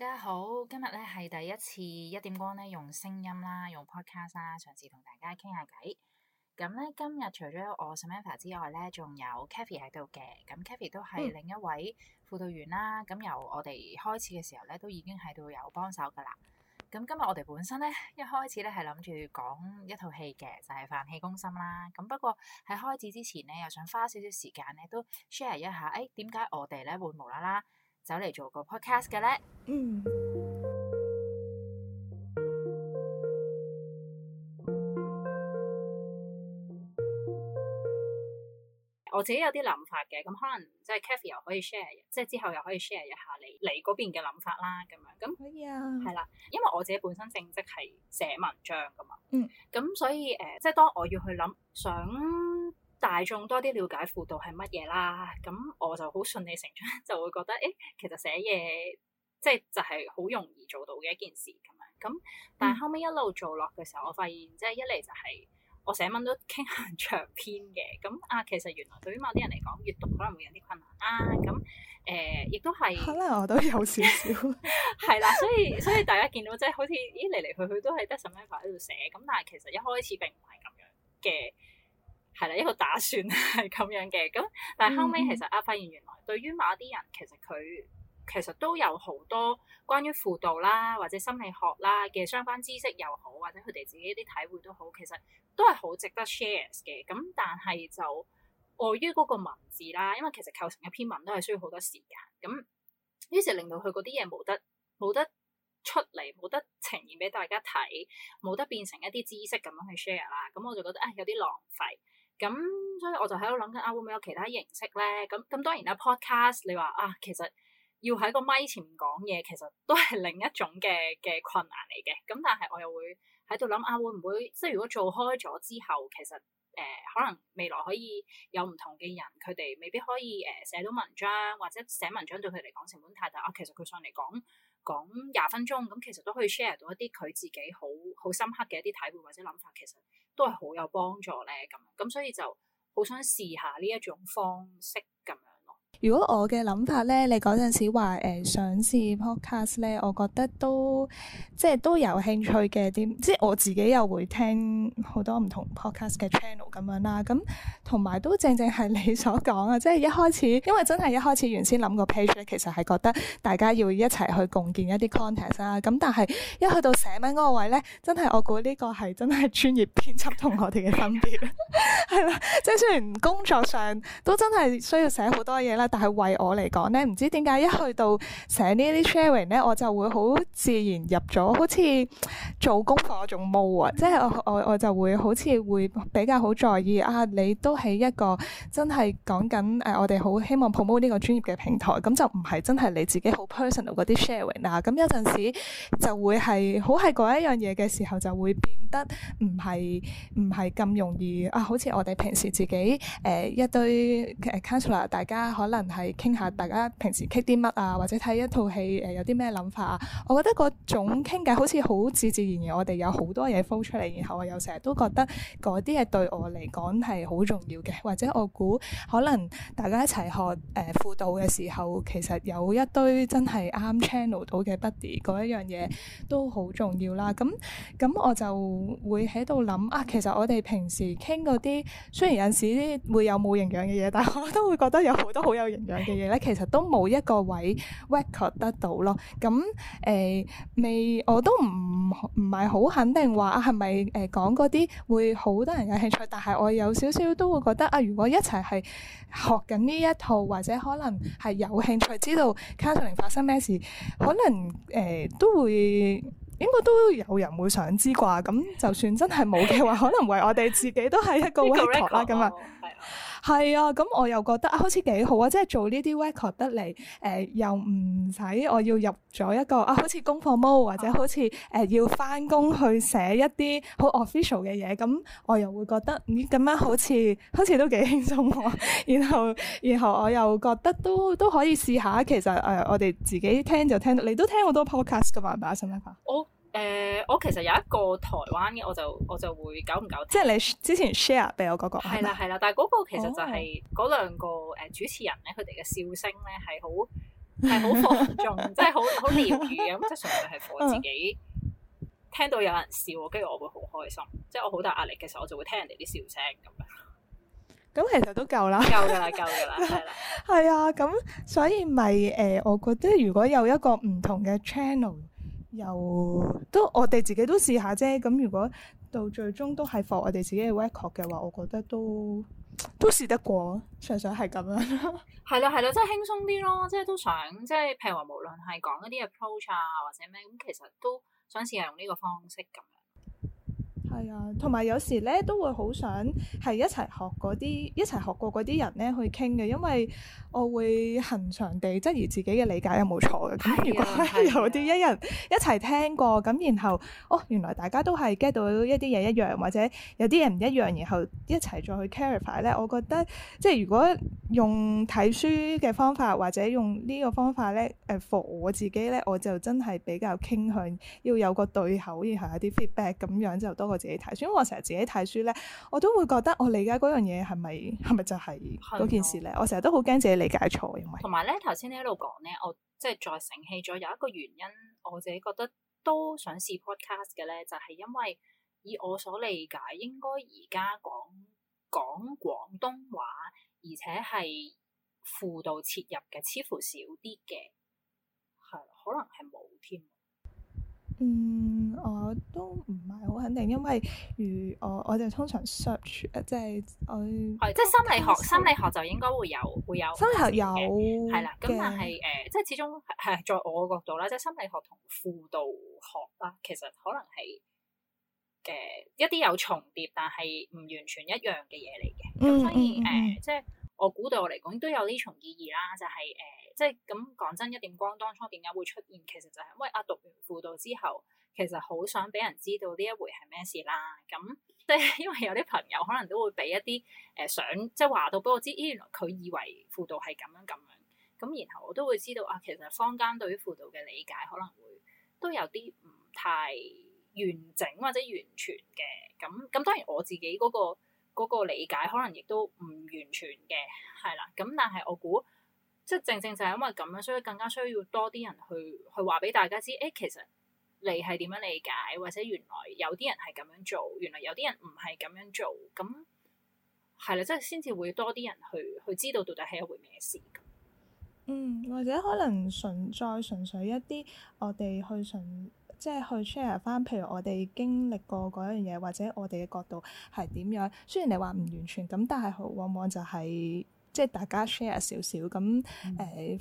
大家好，今日咧係第一次一點光咧用聲音啦，用 podcast 啦，嘗試同大家傾下偈。咁咧今日除咗我 Samantha 之外咧，仲有 Kathy 喺度嘅。咁 Kathy 都係另一位輔導員啦。咁由我哋開始嘅時候咧，都已經喺度有幫手噶啦。咁今日我哋本身咧一開始咧係諗住講一套戲嘅，就係《飯氣攻心》啦。咁不過喺開始之前咧，又想花少少時間咧都 share 一下，誒，點解我哋咧會無啦啦？走嚟做個 podcast 嘅咧，嗯，我自己有啲諗法嘅，咁可能即係 Kathy 又可以 share，即係之後又可以 share 一下你你嗰邊嘅諗法啦，咁樣，咁可以啊，係啦，因為我自己本身正職係寫文章㗎嘛。嗯，咁所以誒，即、呃、係、就是、當我要去諗想。想大眾多啲了解輔導係乜嘢啦，咁我就好順理成章就會覺得，誒、欸，其實寫嘢即係就係好容易做到嘅一件事咁樣。咁但係後尾一路做落嘅時候，我發現即係一嚟就係、是、我寫文都傾向長篇嘅，咁啊，其實原來對於某啲人嚟講，閱讀可能會有啲困難啊。咁、啊、誒，亦都係可能我都有少少，係啦。 所以所以大家見到即係好似咦嚟嚟去去都係得 Sammy 喺度寫，咁但係其實一開始並唔係咁樣嘅。係啦，一個打算係咁樣嘅，咁但係後尾其實啊發現，原來對於某啲人，其實佢其實都有好多關於輔導啦，或者心理學啦嘅相關知識又好，或者佢哋自己啲體會都好，其實都係好值得 share 嘅。咁但係就礙於嗰個文字啦，因為其實構成一篇文都係需要好多時間，咁於是令到佢嗰啲嘢冇得冇得出嚟，冇得呈現俾大家睇，冇得變成一啲知識咁樣去 share 啦。咁我就覺得啊，哎，有啲浪費。咁所以我就喺度諗緊啊，會唔會有其他形式咧？咁、啊、咁當然啦，Podcast 你話啊，其實要喺個咪前面講嘢，其實都係另一種嘅嘅困難嚟嘅。咁但係我又會喺度諗啊，會唔會即係如果做開咗之後，其實誒、呃、可能未來可以有唔同嘅人，佢哋未必可以誒寫到文章，或者寫文章對佢嚟講成本太大啊。其實佢上嚟講講廿分鐘，咁其實都可以 share 到一啲佢自己好好深刻嘅一啲體會或者諗法，其實。都係好有幫助咧，咁咁，所以就好想試下呢一種方式，咁。如果我嘅諗法咧，你陣時話誒誒想試 podcast 咧，我覺得都即係都有興趣嘅。點即係我自己又會聽好多唔同 podcast 嘅 channel 咁樣啦。咁同埋都正正係你所講啊，即係一開始，因為真係一開始原先諗個 page 咧，其實係覺得大家要一齊去共建一啲 content 啦，咁但係一去到寫文個位咧，真係我估呢個係真係專業編輯同我哋嘅分別，係啦。 即係雖然工作上都真係需要寫好多嘢啦。但係為我嚟講咧，唔知點解一去到寫呢啲 sharing 咧，我就會好自然入咗，好似做功課嗰種模啊！即係我我我就會好似會比較好在意啊，你都係一個真係講緊誒我哋好希望 promote 呢個專業嘅平台，咁、嗯、就唔係真係你自己好 personal 啲 sharing 啦。咁、啊、有、嗯、陣時就會係好係講一樣嘢嘅時候，就會變得唔係唔係咁容易啊，好似我哋平時自己誒、呃、一堆誒 counselor 大家可能可能係傾下大家平時傾啲乜啊，或者睇一套戲誒有啲咩諗法啊？我覺得嗰種傾偈好似好自自然然，我哋有好多嘢放出嚟，然後我又成日都覺得嗰啲嘢對我嚟講係好重要嘅。或者我估可能大家一齊學誒、呃、輔導嘅時候，其實有一堆真係啱 channel 到嘅 buddy 嗰一樣嘢都好重要啦。咁咁我就會喺度諗啊，其實我哋平時傾嗰啲雖然有陣時會有冇營養嘅嘢，但我都會覺得有好多好有營養嘅嘢咧，其實都冇一個位 record 得到咯。咁、嗯、誒、呃、未，我都唔唔係好肯定話啊，係咪誒講嗰啲會好多人有興趣？但係我有少少都會覺得啊，如果一齊係學緊呢一套，或者可能係有興趣知道卡素玲發生咩事，可能誒、呃、都會應該都有人會想知啩。咁就算真係冇嘅話，可能為我哋自己都係一個 record 啦，咁啊。 哦係 啊，咁我又覺得啊，好似幾好啊，即係做呢啲 record 得嚟，誒、呃、又唔使我要入咗一個啊，好似功課 mode，或者好似誒、呃、要翻工去寫一啲好 official 嘅嘢，咁我又會覺得咦，咁、嗯、樣好似好似都幾輕鬆喎、啊。然後然後我又覺得都都可以試下，其實誒、呃、我哋自己聽就聽，你都聽好多 podcast 噶嘛，唔該心粒粒。 啊信誒，我其實有一個台灣嘅，我就我就會搞唔搞？即係你之前 share 俾我嗰個係啦係啦，但係嗰個其實就係嗰兩個主持人咧，佢哋嘅笑聲咧係好係好放縱，即係好好獵語咁，即係純粹係我自己聽到有人笑，跟住我會好開心，即係我好大壓力嘅時候，我就會聽人哋啲笑聲咁樣。咁其實都夠啦，夠噶啦，夠噶啦，係啦，係啊，咁所以咪誒，我覺得如果有一個唔同嘅 channel。又都我哋自己都試下啫，咁如果到最終都係放我哋自己嘅 record 嘅話，我覺得都都試得過，想想係咁樣，係 啦，係啦，即係輕鬆啲咯，即係都想，即係譬如話無論係講一啲 approach 啊，或者咩，咁其實都想試下用呢個方式咁。係啊，同埋有，有時咧都會好想係一齊學啲一齊學過啲人咧去傾嘅，因為我會恆常地質疑自己嘅理解有冇錯，嘅。咁 如果有啲一人一齊聽過，咁，然後，哦，原來大家都係 get 到一啲嘢一樣，或者有啲嘢唔一樣，然後一齊再去 clarify 咧，我覺得即係如果用睇書嘅方法或者用呢個方法咧，誒、呃、For 我自己咧，我就真係比較傾向要有個對口，然後有啲 feedback 咁樣就多過自。你睇，所以我成日自己睇書咧，我都會覺得我理解嗰樣嘢係咪係咪就係嗰件事咧？是是是事的我成日都好驚自己理解錯，因為同埋咧頭先你一路講咧，我即係再醒起咗有一個原因，我自己覺得都想試 podcast 嘅咧，就係、是、因為以我所理解，應該而家講講廣東話，而且係輔導切入嘅，似乎少啲嘅，係可能係冇添。嗯，我都唔係好肯定，因為如我我就通常、就是、search，即係我係即係心理學，心理學就應該會有會有，心，有、呃、心理學有係啦。咁但係誒，即係始終係在我個角度啦，即係心理學同輔導學啦，其實可能係嘅、呃、一啲有重疊，但係唔完全一樣嘅嘢嚟嘅。咁、嗯、所以誒，即係我估對我嚟講都有呢重意義啦，就係、是。誒、呃。即係咁講真，一點光當初點解會出現？其實就係因為啊，讀完輔導之後，其實好想俾人知道呢一回係咩事啦。咁即係因為有啲朋友可能都會俾一啲誒、呃、想，即係話到俾我知，咦、欸，原來佢以為輔導係咁樣咁樣。咁然後我都會知道啊，其實坊間對於輔導嘅理解可能會都有啲唔太完整或者完全嘅。咁咁當然我自己嗰、嗰個嗰個理解可能亦都唔完全嘅，係啦。咁但係我估。即正正就係因為咁樣，所以更加需要多啲人去去話俾大家知，誒、欸、其實你係點樣理解，或者原來有啲人係咁樣做，原來有啲人唔係咁樣做，咁係啦，即係先至會多啲人去去知道到底係一回咩事。嗯，或者可能純再純粹一啲，我哋去純即係、就是、去 share 翻，譬如我哋經歷過嗰樣嘢，或者我哋嘅角度係點樣。雖然你話唔完全，咁但係好往往就係、是。即係大家 share 少少咁，誒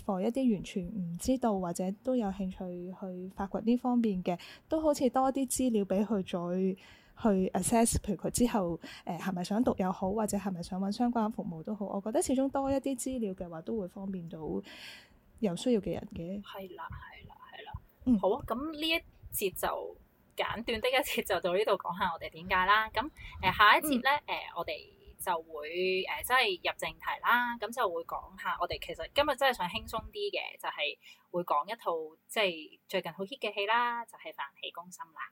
for、呃嗯、一啲完全唔知道或者都有興趣去發掘呢方面嘅，都好似多啲資料俾佢再去 assess，譬如佢之後，誒係咪想讀又好，或者係咪想揾相關服務都好，我覺得始終多一啲資料嘅話都會方便到有需要嘅人嘅。係啦，係啦，係啦。嗯，好啊，咁呢一節就簡短的一節就到呢度講下我哋點解啦。咁誒、呃、下一節咧誒、嗯呃、我哋。就會誒，即、呃、係入正題啦。咁、嗯、就會講下，我哋其實今日真係想輕鬆啲嘅，就係、是、會講一套即係最近好 hit 嘅戲啦，就係《飯戲攻心》啦。